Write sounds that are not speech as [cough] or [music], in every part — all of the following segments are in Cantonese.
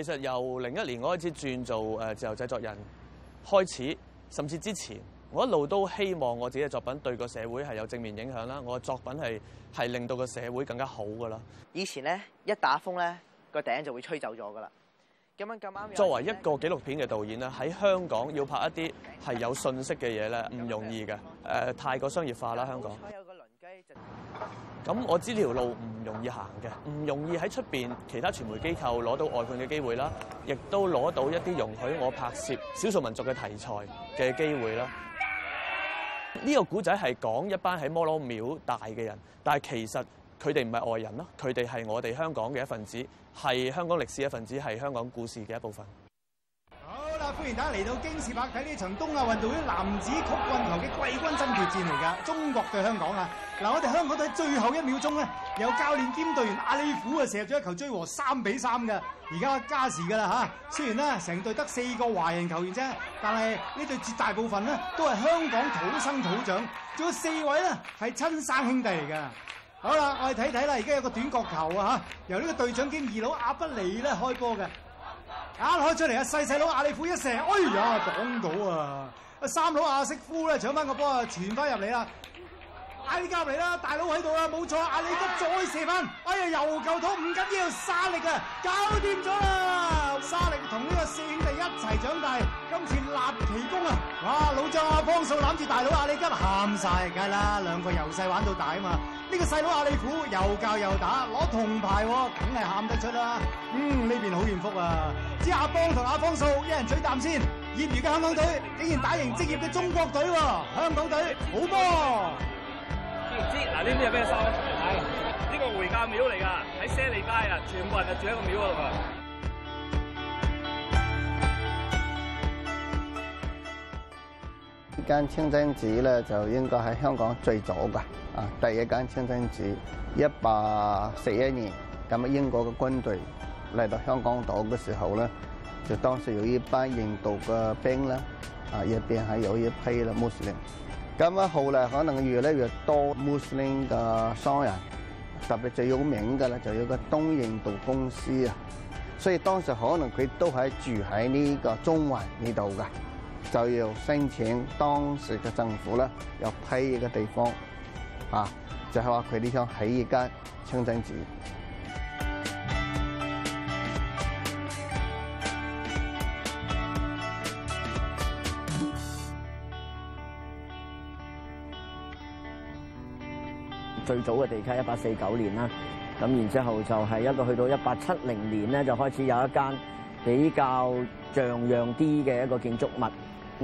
其實由零一年我開始轉做誒自由製作人開始，甚至之前，我一路都希望我自己嘅作品對個社會係有正面影響啦。我嘅作品係係令到個社會更加好噶啦。以前咧一打風咧個頂就會吹走咗噶啦。咁樣咁啱。作為一個紀錄片嘅導演咧，喺香港要拍一啲係有信息嘅嘢咧，唔容易嘅誒、呃，太過商業化啦，香港。有個鄰居，咁我知道條路。容易行嘅，唔容易喺出邊其他傳媒機構攞到外判嘅機會啦，亦都攞到一啲容許我拍攝少數民族嘅題材嘅機會啦。呢個古仔係講一班喺嚤囉廟大嘅人，但係其實佢哋唔係外人咯，佢哋係我哋香港嘅一份子，係香港歷史嘅一份子，係香港故事嘅一部分。歡迎大家嚟到京士柏睇呢場東亞運動會男子曲棍球嘅季軍爭奪戰嚟噶，中國對香港啊！嗱，我哋香港隊最後一秒鐘咧，有教練兼隊員阿里虎啊射入咗一球追和三比三嘅，而家加時噶啦吓。雖然呢成隊得四個華人球員啫，但係呢隊絕大部分呢都係香港土生土長，仲有四位呢係親生兄弟嚟噶。好啦，我哋睇睇啦，而家有個短角球啊吓，由呢個隊長兼二佬阿不里咧開波嘅。啱開出嚟啊！細細佬阿里夫一射，哎呀擋到啊！三佬阿式夫咧搶翻個波啊，傳翻入嚟啦！嗌啲監嚟啦，大佬喺度啊，冇錯！阿里吉再射翻，哎呀又救痛，唔緊要！沙力啊，搞掂咗啦！沙力同呢個四兄弟一齊長大，今次立奇功啊！哇，老將阿、啊、方素攬住大佬阿里吉，喊晒，梗係啦，兩個由細玩到大啊嘛！呢個細佬阿利虎又教又打，攞銅牌喎，梗係喊得出啦！嗯，呢邊好遠福啊！知阿邦同阿方素一人嘴啖先。業餘嘅香港隊竟然打贏職業嘅中國隊喎！香港隊好噃！知唔知嗱？呢啲有咩衫咧？係呢個回教廟嚟㗎，喺些利街啊，全部人就住喺個廟度啊！呢間清真寺咧，就應該喺香港最早㗎。第一間清真寺，一八四一年咁啊！英國嘅軍隊嚟到香港島嘅時候咧，就當時有一班印度嘅兵啦，啊，入邊係有一批啦穆斯林。咁啊，後嚟可能越嚟越多穆斯林嘅商人，特別最有名嘅咧，就有個東印度公司啊。所以當時可能佢都係住喺呢個中環呢度㗎，就要申請當時嘅政府咧，有批嘅地方。啊！就係話佢呢張喺一間清真寺最早嘅地基一八四九年啦，咁然之後就係一個去到一八七零年咧，就開始有一間比較像樣啲嘅一個建築物。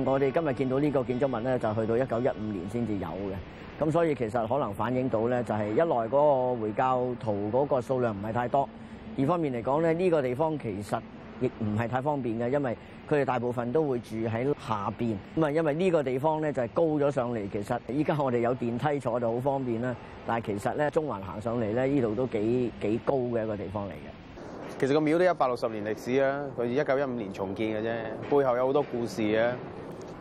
我哋今日見到呢個建築物咧，就去到一九一五年先至有嘅。咁所以其實可能反映到咧，就係一來嗰個回教徒嗰個數量唔係太多；二方面嚟講咧，呢個地方其實亦唔係太方便嘅，因為佢哋大部分都會住喺下邊。咁啊，因為呢個地方咧就係高咗上嚟，其實依家我哋有電梯坐就好方便啦。但係其實咧，中環行上嚟咧，呢度都幾幾高嘅一個地方嚟嘅。其實個廟都一百六十年歷史啊，佢係一九一五年重建嘅啫，背後有好多故事啊。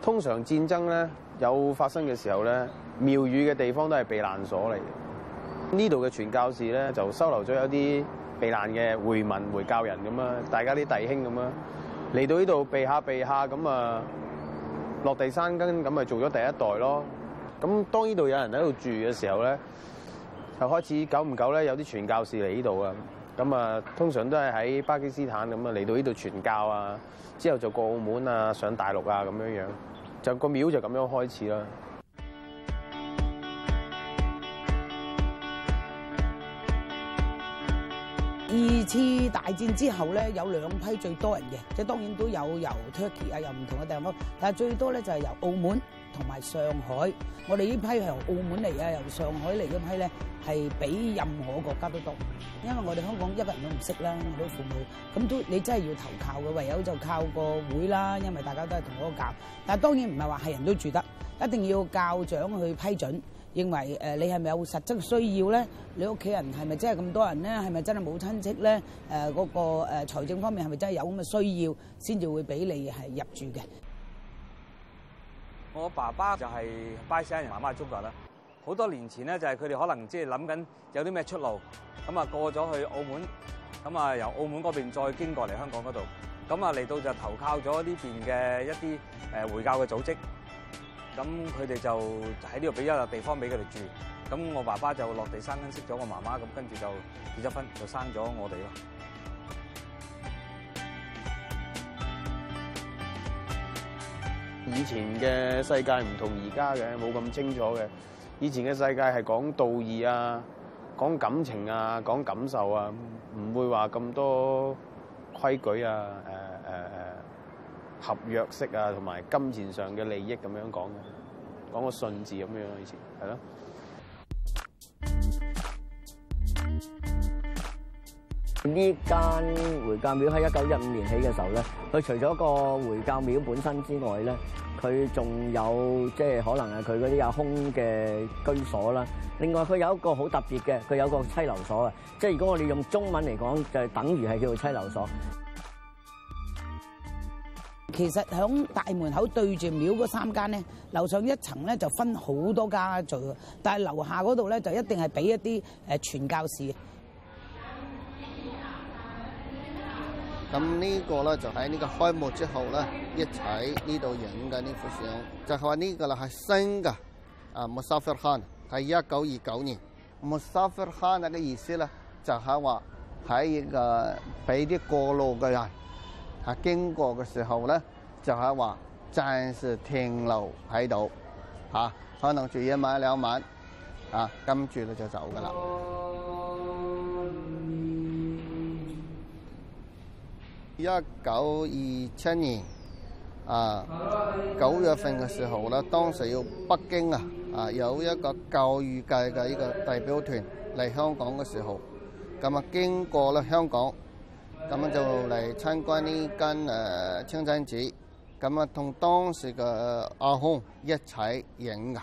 通常戰爭咧有發生嘅時候咧。廟宇嘅地方都係避難所嚟嘅，呢度嘅傳教士咧就收留咗有啲避難嘅回民、回教人咁啊，大家啲弟兄咁啊嚟到呢度避下避下咁啊落地生根咁咪做咗第一代咯。咁當呢度有人喺度住嘅時候咧，就開始久唔久咧有啲傳教士嚟呢度啊。咁啊，通常都係喺巴基斯坦咁啊嚟到呢度傳教啊，之後就過澳門啊，上大陸啊咁樣樣，就個廟就咁樣開始啦。二次大戰之後咧，有兩批最多人嘅，即係當然都有由 Turkey 啊，又唔同嘅地方，但係最多咧就係由澳門同埋上海。我哋呢批係由澳門嚟啊，由上海嚟一批咧，係比任何國家都多，因為我哋香港一個人都唔識啦，我哋父母咁都你真係要投靠嘅，唯有就靠個會啦，因為大家都係同嗰個教，但係當然唔係話係人都住得，一定要教長去批准。認為誒你係咪有實質需要咧？你屋企人係咪真係咁多人咧？係咪真係冇親戚咧？誒嗰個誒財政方面係咪真係有咁嘅需要，先至會俾你係入住嘅。我爸爸就係巴基斯坦人，媽媽中國啦。好多年前咧，就係佢哋可能即係諗緊有啲咩出路，咁啊過咗去澳門，咁啊由澳門嗰邊再經過嚟香港嗰度，咁啊嚟到就投靠咗呢邊嘅一啲誒回教嘅組織。咁佢哋就喺呢度俾一笪地方俾佢哋住，咁我爸爸就落地生根，識咗我媽媽，咁跟住就結咗婚，就生咗我哋咯。以前嘅世界唔同而家嘅，冇咁清楚嘅。以前嘅世界係講道義啊，講感情啊，講感受啊，唔會話咁多規矩啊，誒。合約式啊，同埋金錢上嘅利益咁樣講嘅，講個信字咁樣，以前係咯。呢間回教廟喺一九一五年起嘅時候咧，佢除咗個回教廟本身之外咧，佢仲有即係可能係佢嗰啲有空嘅居所啦。另外佢有一個好特別嘅，佢有個棲留所啊。即係如果我哋用中文嚟講，就係等於係叫做棲留所。其實喺大門口對住廟嗰三間咧，樓上一層咧就分好多家墜，但係樓下嗰度咧就一定係俾一啲誒傳教士。咁呢個咧就喺、是、呢個開幕之後咧，一齊呢度影緊呢幅相，就係話呢個啦係新嘅，啊冇沙菲罕係一九二九年，冇沙菲罕嗰個意思啦，就係話喺誒俾啲過路嘅人。啊，經過嘅時候咧，就係話暫時停留喺度，嚇、啊，可能住一晚兩晚，啊，跟住咧就走噶啦。一九二七年啊，九月份嘅時候咧，當時要北京啊，啊，有一個教育界嘅一個代表團嚟香港嘅時候，咁啊經過咧香港。咁啊，就嚟參觀呢間清真寺，咁啊，同當時嘅阿訇一齊影㗎。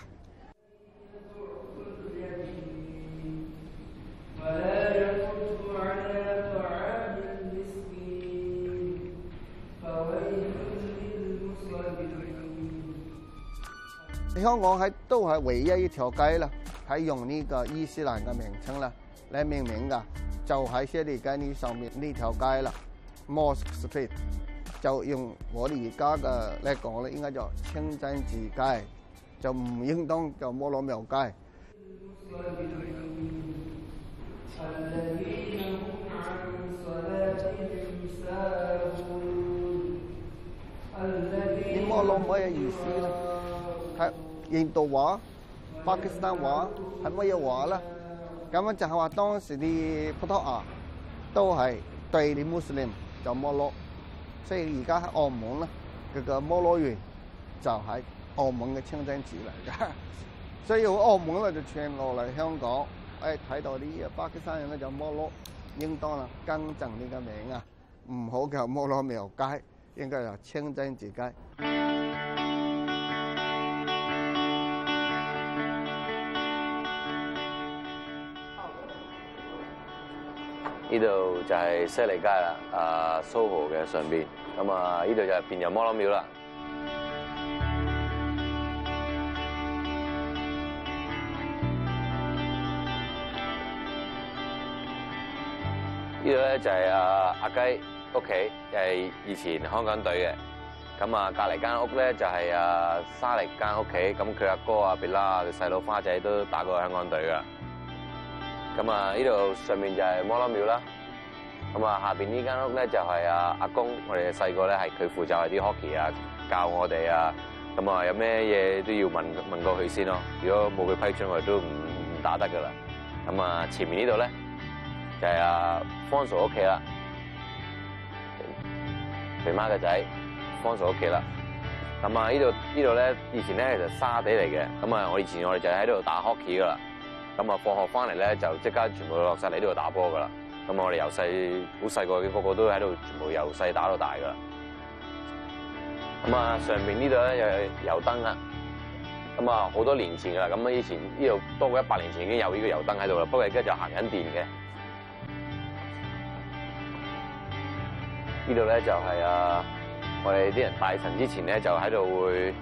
香港都係唯一一條街啦，係用呢個伊斯蘭嘅名稱啦，嚟命名㗎。就喺西利街呢上面呢條街啦，Mosque Street 就用我哋而家嘅嚟講咧，應該叫清真寺街，就唔應當叫摩羅廟街。你摩羅咩意思咧？係印度話、巴基斯坦話係咩話咧？咁樣就係話當時啲葡萄牙都係對啲穆斯林就嚤囉，所以而家喺澳門咧，佢個嚤囉園就喺澳門嘅清真寺嚟㗎，所以澳門咧就傳落嚟香港，誒睇到啲巴基斯坦人咧就嚤囉，應當啦更正你個名啊，唔好叫嚤囉廟街，應該叫清真寺街。呢度就係些利街啦，啊，SOHO 嘅上邊，咁啊，呢度就係邊又嚤囉廟啦。呢度咧就係啊阿雞屋企，係以前香港隊嘅，咁啊隔離間屋咧就係啊沙利間屋企，咁佢阿哥阿 Bee 啦，佢細佬花仔都打過香港隊噶。咁啊，呢度上面就係嚤囉廟啦。咁啊，下邊呢間屋咧就係阿阿公，我哋細個咧係佢負責啲 hockey 啊，教我哋啊。咁啊，有咩嘢都要問問過佢先咯。如果冇佢批准，我哋都唔打得噶啦。咁啊，前面呢度咧就係阿方 Sir 屋企啦，肥媽嘅仔方 Sir 屋企啦。咁啊，呢度呢度咧以前咧就沙地嚟嘅。咁啊，我以前我哋就喺度打 hockey 噶啦。咁啊，放學翻嚟咧就即刻全部落晒嚟呢度打波噶啦。咁啊，我哋由細好細個嘅，個個都喺度全部由細打到大噶啦。咁啊，上面呢度咧又有油燈啊。咁啊，好多年前噶啦。咁啊，以前呢度多過一百年前已經有呢個油燈喺度啦。不過而家就行緊電嘅。呢度咧就係啊，我哋啲人拜神之前咧就喺度會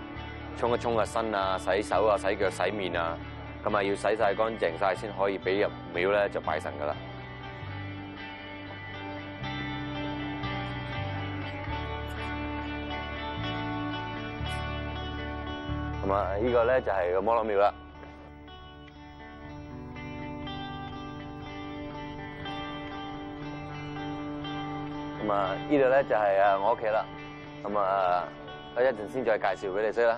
沖一沖下身啊、洗手啊、洗腳、洗面啊。咁啊，要洗晒乾淨晒，先可以俾入廟咧，就拜神噶啦。咁啊，呢個咧就係個嚤囉廟啦。咁啊，呢度咧就係啊我屋企啦。咁啊，我一陣先再介紹俾你識啦。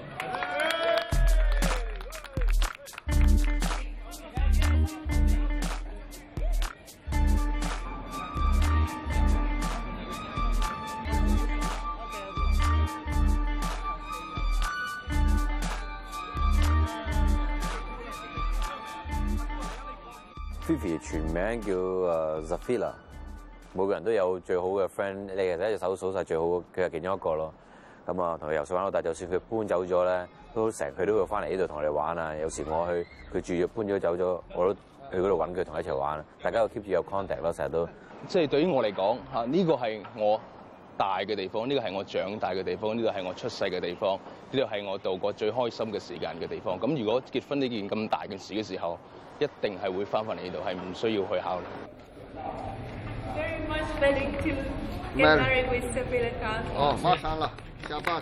全名叫誒 Zafila 每個人都有最好嘅 friend，你其實一隻手數晒最好，佢係其中一個咯。咁啊，同佢游水玩咯，大。就算佢搬走咗咧，都成日佢都會翻嚟呢度同我哋玩啊。有時我去佢住，搬咗走咗，我都去嗰度揾佢，同佢一齊玩。大家有 keep 住有 contact 咯，成日都。即係對於我嚟講，嚇呢個係我大嘅地方，呢個係我長大嘅地方，呢個係我出世嘅地方，呢個係我度過最開心嘅時間嘅地方。咁如果結婚呢件咁大件事嘅時候，一定係會翻返嚟呢度，係唔需要去考慮 much,、oh, 啊嗯嗯啊。今日多、啊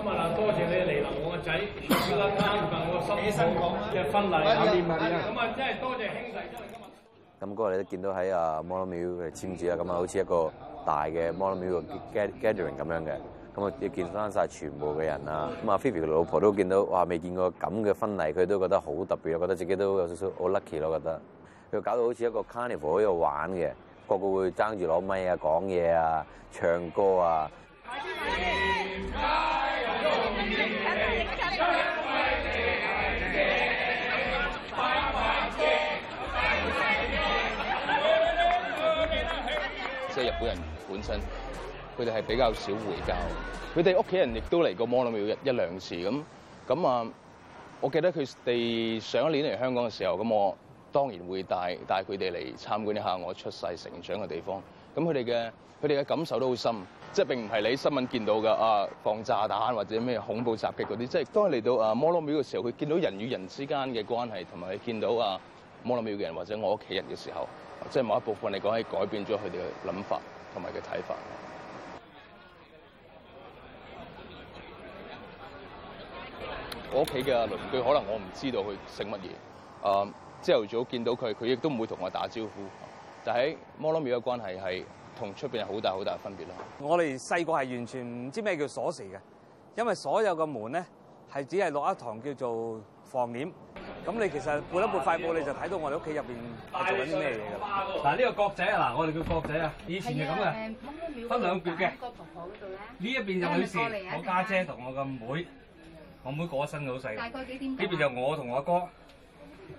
啊、謝謝你嚟臨，我個仔娶得我咁、啊啊啊、真係多謝謝兄弟姊妹今日。咁嗰日你都見到喺啊嚤囉廟嚟簽字啊，咁啊、嗯，好似一個。大嘅 model meeting gathering 咁樣嘅，咁啊要見翻晒全部嘅人啦。咁啊 Phoebe 嘅老婆都見到，哇！未見過咁嘅婚禮，佢都覺得好特別，覺得自己都有少少好 lucky 咯，覺得。佢搞到好似一個 carnival 喺度玩嘅，個個會爭住攞咪啊、講嘢啊、唱歌啊。即係日本人本身，佢哋係比較少回教。佢哋屋企人亦都嚟過嚤囉廟一兩次咁。咁啊，我記得佢哋上一年嚟香港嘅時候，咁我當然會帶帶佢哋嚟參觀一下我出世成長嘅地方。咁佢哋嘅佢哋嘅感受都好深，即係並唔係你新聞見到嘅啊放炸彈或者咩恐怖襲擊嗰啲，即係當佢嚟到啊嚤囉廟嘅時候，佢見到人與人之間嘅關係，同埋佢見到啊。嚤囉廟嘅人或者我屋企人嘅時候，即係某一部分嚟講，係改變咗佢哋嘅諗法同埋嘅睇法我家的。我屋企嘅鄰居可能我唔知道佢姓乜嘢，誒、呃，朝頭早見到佢，佢亦都唔會同我打招呼。但喺嚤囉廟嘅關係係同出邊係好大好大分別咯。我哋細個係完全唔知咩叫鎖匙嘅，因為所有嘅門咧係只係落一堂叫做防簾。咁你其實每一步快步，你就睇到我哋屋企入邊做緊啲咩嘢㗎？嗱、啊、呢個角仔嗱我哋叫角仔啊，以前就咁嘅，分兩邊嘅。嗯、婆婆度咧，呢一邊就女士，啊是是啊、我家姐同我個妹、啊啊，我妹過咗身嘅，好細。大概幾點？呢邊就我同我阿哥。啊、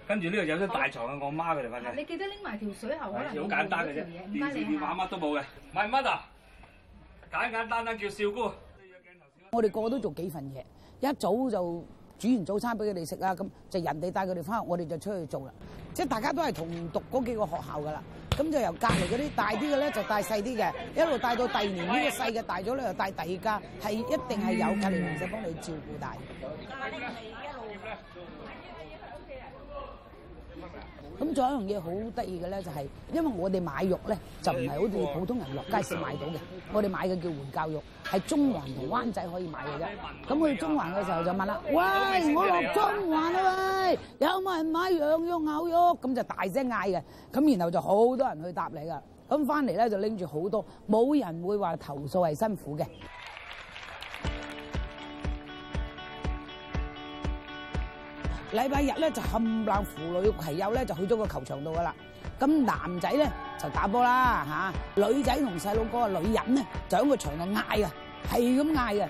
跟住呢度有張大床嘅，我媽嘅嚟嘅。係、啊，你記得拎埋條水喉，可能好簡單嘅啫，嘢、啊，電視電話乜都冇嘅，唔係乜啊？Mother，簡簡單單，單叫照顧。我哋個個都做幾份嘢，一早就。煮完早餐俾佢哋食啊，咁就人哋帶佢哋翻學，我哋就出去做啦。即係大家都係同讀嗰幾個學校噶啦，咁就由隔離嗰啲大啲嘅咧，就帶細啲嘅，一路帶到第二年呢個細嘅大咗咧，又帶第二家，係一定係有隔離。唔使幫你照顧大。咁仲有一樣嘢好得意嘅咧，就係因為我哋買肉咧，就唔係好似普通人落街市買到嘅，我哋買嘅叫援教肉，係中環同灣仔可以買嘅啫。咁去中環嘅時候就問啦，喂，我落中環啊喂，有冇人買羊肉、牛肉？咁就大聲嗌嘅。咁然後就好多人去答你啦。咁翻嚟咧就拎住好多，冇人會話投訴係辛苦嘅。禮拜日咧就冚唪唥父女朋友咧就去咗個球場度噶啦，咁男仔咧就打波啦吓，女仔同細佬哥啊女人咧就喺個場度嗌啊，係咁嗌啊！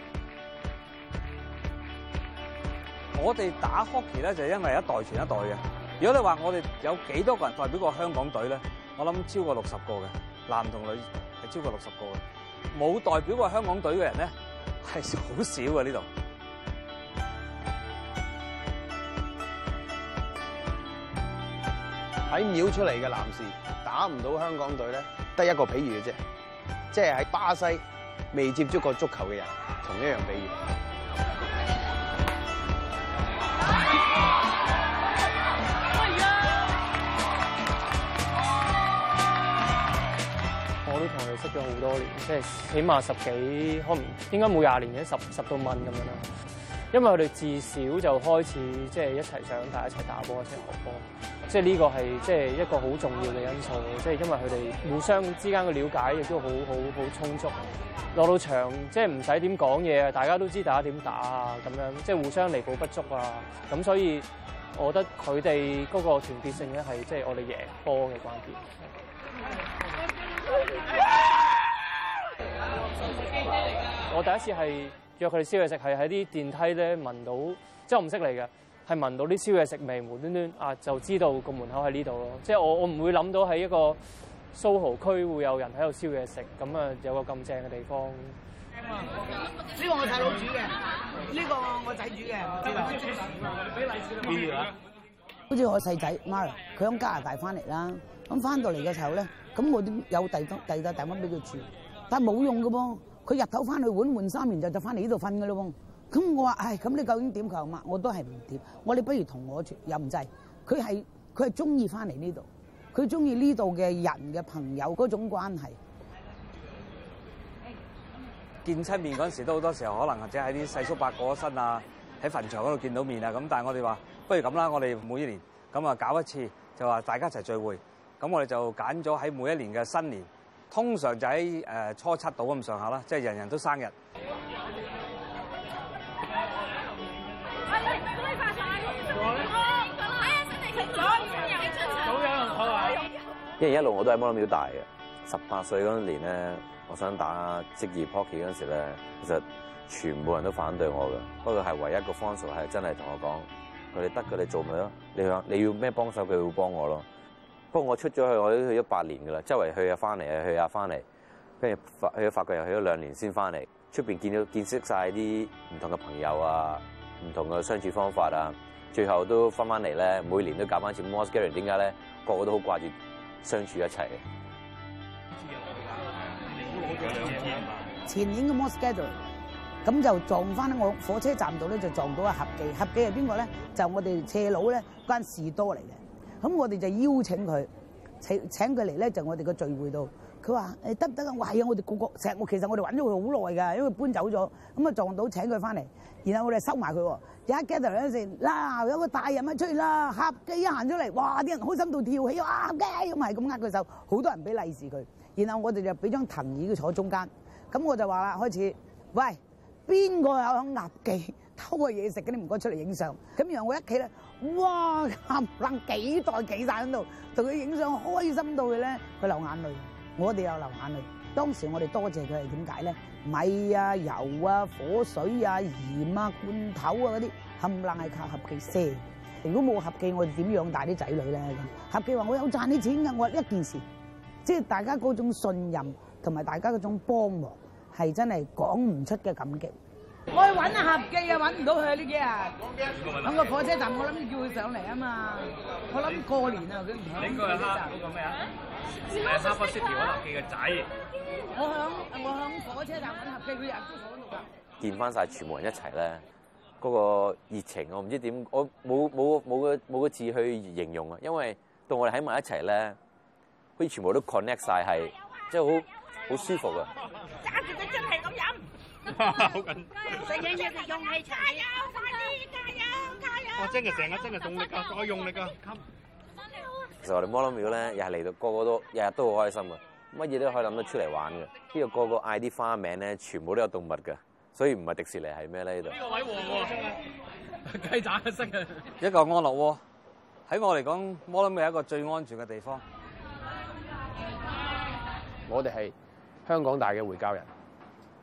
我哋打 hockey 咧就因為一代傳一代嘅。如果你話我哋有幾多個人代表過香港隊咧，我諗超過六十個嘅，男同女係超過六十個嘅，冇代表過香港隊嘅人咧係好少嘅呢度。喺廟出嚟嘅男士打唔到香港隊咧，得一個比喻嘅啫，即係喺巴西未接觸過足球嘅人，同一樣比喻。我都同佢識咗好多年，即係起碼十幾，可能應該冇廿年嘅十十多蚊咁樣啦。因為我哋自小就開始即係、就是、一齊長大，一齊打波，一齊學波。即係呢個係即係一個好重要嘅因素，即係因為佢哋互相之間嘅了解亦都好好好充足，落到場即係唔使點講嘢啊，大家都知大家點打啊咁樣，即係互相彌補不足啊。咁所以，我覺得佢哋嗰個團結性咧係即係我哋贏波嘅關鍵。 [laughs] 我第一次係約佢哋宵夜食係喺啲電梯咧聞到，即係我唔識你嘅。係聞到啲燒嘢食味，無端端啊就知道個門口喺呢度咯。即係我我唔會諗到喺一個蘇豪區會有人喺度燒嘢食，咁啊有個咁正嘅地方。呢、嗯呢個我細佬煮嘅，呢、呢個我仔煮嘅。比如啊，好似我細仔 Mario 佢響加拿大翻嚟啦，咁翻到嚟嘅時候咧，咁我有第第二間大屋俾佢住，但係冇用嘅噃，佢日頭翻去碗換三年就就翻嚟呢度瞓㗎咯。咁我話，唉，咁你究竟點求嘛？我都係唔點。我哋不如同我住，又唔制。佢係佢係中意翻嚟呢度，佢中意呢度嘅人嘅朋友嗰種關係。見親面嗰時都好多時候，可能或者喺啲細叔伯過身啊，喺墳場嗰度見到面啊。咁但係我哋話，不如咁啦，我哋每一年咁啊搞一次，就話大家一齊聚會。咁我哋就揀咗喺每一年嘅新年，通常就喺初七到咁上下啦，即係人人都生日。因為一路我都喺摩登廟大嘅，十八歲嗰年咧，我想打職業 poker 嗰時咧，其實全部人都反對我嘅。不過係唯一個方 Sir 係真係同我講佢：哋得嘅，你做咪咯。你講你要咩幫手，佢會幫我咯。不過我出咗去，我都去咗八年嘅啦。周圍去下翻嚟，去下翻嚟，跟住去咗法國又去咗兩年先翻嚟。出邊見到見識晒啲唔同嘅朋友啊，唔同嘅相處方法啊。最後都翻翻嚟咧，每年都教翻次。w h 解咧？個個都好掛住。相處一齊嘅，前年嘅摩 o s t g a t h e 咁就撞翻喺我火車站度咧，就撞到阿合記，合記係邊個咧？就我哋斜佬咧關士多嚟嘅，咁我哋就邀請佢。請請佢嚟咧，就我哋個聚會度。佢話誒得唔得啊？我係啊，我哋個個石，我其實我哋搵咗佢好耐㗎，因為搬走咗咁啊，就撞到請佢翻嚟。然後我哋收埋佢喎，一 get 到聲啦，有個大人啊出嚟啦，合記一行出嚟，哇！啲人開心到跳起，哇！阿記咁係咁握佢手，好多人俾利是佢。然後我哋就俾張藤椅佢坐中間。咁我就話啦，開始喂，邊個有肯壓偷個嘢食嘅，你唔該出嚟影相。咁然後我一企咧，哇冚冷幾袋幾晒喺度，同佢影相，開心到嘅咧，佢流眼淚。我哋又流眼淚。當時我哋多謝佢係點解咧？米啊、油啊、火水啊、鹽啊、罐頭啊嗰啲冚冷係靠合記先。如果冇合記，我哋點樣養大啲仔女咧？合記話我有賺啲錢㗎。我一件事，即係大家嗰種信任同埋大家嗰種幫忙，係真係講唔出嘅感激。我去揾阿合記啊，揾唔到佢呢幾日。響個火車站我，我諗住叫佢上嚟啊嘛。我諗過年啊，佢唔響火車站。咩啊？誒，三不識調阿合記嘅仔。我響我響火車站揾合記嗰日。見翻晒全部人一齊咧，嗰、嗰個熱情我唔知點，我冇冇冇個冇個字去形容啊。因為到我哋喺埋一齊咧，佢全部都 connect 晒係即係好好舒服嘅。好 [laughs] 緊！我真係成日真係動力噶，再用力噶。力其實我哋嚤囉廟咧，又係嚟到，個個都日日都好開心噶，乜嘢都可以諗到出嚟玩嘅！呢、嗯、度、嗯嗯嗯、個個嗌啲花名咧，全部都有動物噶，所以唔係迪士尼係咩咧？呢度。呢個偉和喎，雞仔嘅色啊！ [laughs] 一個安樂窩，喺我嚟講，嚤囉廟係一個最安全嘅地方。 [laughs] 我哋係香港大嘅回教人。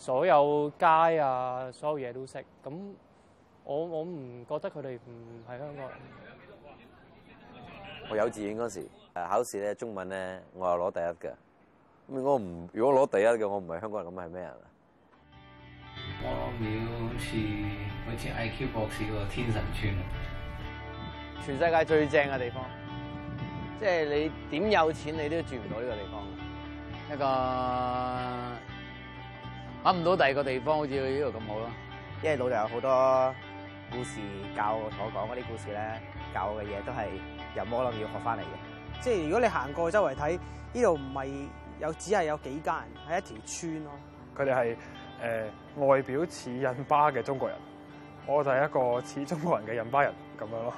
所有街啊，所有嘢都識。咁我我唔覺得佢哋唔係香港人。我幼稚園嗰時，誒考試咧中文咧，我又攞第一嘅。咁我唔如果攞第一嘅，我唔係香港人，咁係咩人啊？我好似好似 IQ 博士嗰個天神村。全世界最正嘅地方，即係你點有錢你都住唔到呢個地方。一個。諗唔到第二個地方好似呢度咁好咯，因為老豆有好多故事教我所講嗰啲故事咧，教嘅嘢都係有可能要學翻嚟嘅。即係如果你行過周圍睇，呢度唔係有只係有幾間人，係一條村咯。佢哋係誒外表似印巴嘅中國人，我就係一個似中國人嘅印巴人咁樣咯。